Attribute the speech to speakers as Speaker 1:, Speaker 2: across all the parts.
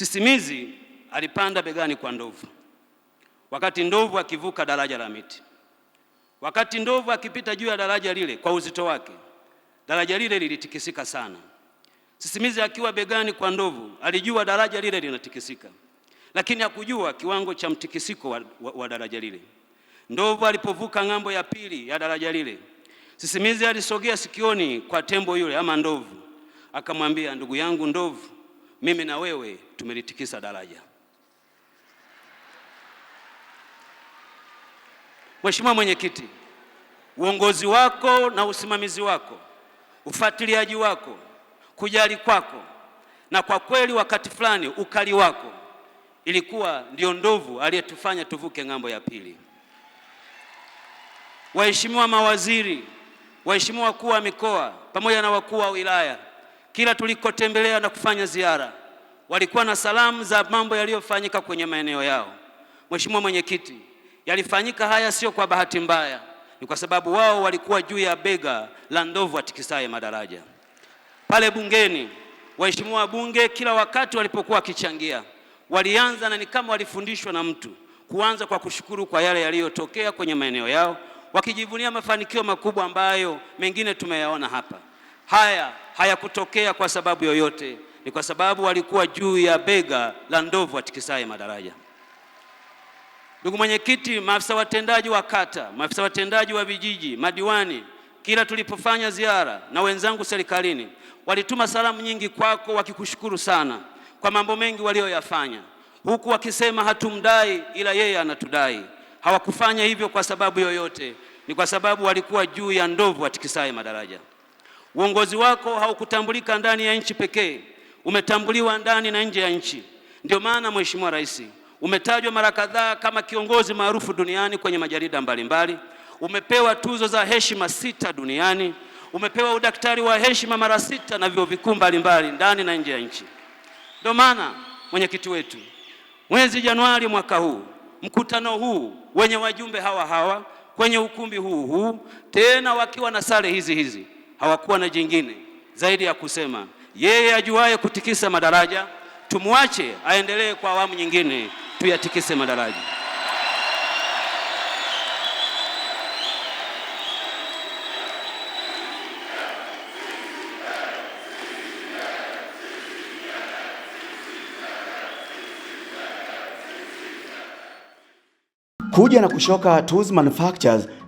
Speaker 1: Sisimizi alipanda begani kwa ndovu, wakati ndovu akivuka daraja la miti. Wakati ndovu akipita juu ya daraja lile kwa uzito wake, daraja lile lilitikisika sana. Sisimizi akiwa begani kwa ndovu alijua daraja lile linatikisika, lakini hakujua kiwango cha mtikisiko wa, wa, wa daraja lile. Ndovu alipovuka ng'ambo ya pili ya daraja lile, sisimizi alisogea sikioni kwa tembo yule ama ndovu, akamwambia, ndugu yangu ndovu mimi na wewe tumelitikisa daraja. Mheshimiwa Mwenyekiti, uongozi wako na usimamizi wako, ufuatiliaji wako, kujali kwako na kwa kweli wakati fulani ukali wako ilikuwa ndio ndovu aliyetufanya tuvuke ng'ambo ya pili. Waheshimiwa mawaziri, waheshimiwa wakuu wa mikoa pamoja na wakuu wa wilaya kila tulikotembelea na kufanya ziara, walikuwa na salamu za mambo yaliyofanyika kwenye maeneo yao. Mheshimiwa Mwenyekiti, yalifanyika haya sio kwa bahati mbaya, ni kwa sababu wao walikuwa juu ya bega la ndovu atikisaye madaraja. Pale bungeni, waheshimiwa wabunge kila wakati walipokuwa wakichangia, walianza na ni kama walifundishwa na mtu, kuanza kwa kushukuru kwa yale yaliyotokea kwenye maeneo yao, wakijivunia mafanikio makubwa ambayo mengine tumeyaona hapa. Haya hayakutokea kwa sababu yoyote, ni kwa sababu walikuwa juu ya bega la ndovu atikisaye madaraja. Ndugu mwenyekiti, maafisa watendaji wa kata, maafisa watendaji wa vijiji, madiwani, kila tulipofanya ziara na wenzangu serikalini, walituma salamu nyingi kwako wakikushukuru sana kwa mambo mengi walioyafanya, huku wakisema hatumdai, ila yeye anatudai. Hawakufanya hivyo kwa sababu yoyote, ni kwa sababu walikuwa juu ya ndovu atikisaye madaraja. Uongozi wako haukutambulika ndani ya nchi pekee, umetambuliwa ndani na nje ya nchi. Ndio maana Mheshimiwa Rais, umetajwa mara kadhaa kama kiongozi maarufu duniani kwenye majarida mbalimbali mbali. Umepewa tuzo za heshima sita duniani, umepewa udaktari wa heshima mara sita na vyuo vikuu mbalimbali ndani na nje ya nchi. Ndio maana mwenyekiti wetu, mwezi Januari mwaka huu, mkutano huu wenye wajumbe hawa hawa kwenye ukumbi huu huu, tena wakiwa na sare hizi hizi hawakuwa na jingine zaidi ya kusema yeye ajuaye kutikisa madaraja tumwache aendelee kwa awamu nyingine, tuyatikise madaraja.
Speaker 2: Kuja na kushoka Tools Manufactures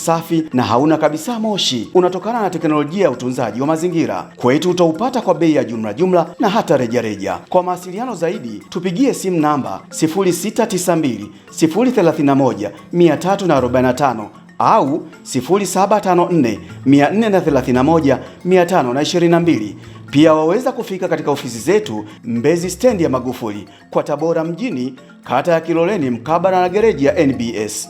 Speaker 2: safi na hauna kabisa moshi, unatokana na teknolojia ya utunzaji wa mazingira. Kwetu utaupata kwa bei ya jumla jumla na hata rejareja reja. Kwa mawasiliano zaidi tupigie simu namba 0692 031 345 au 0754 431 Pia waweza kufika katika ofisi zetu Mbezi stendi ya Magufuli kwa Tabora mjini, kata ya Kiloleni, mkabala na gereji ya NBS.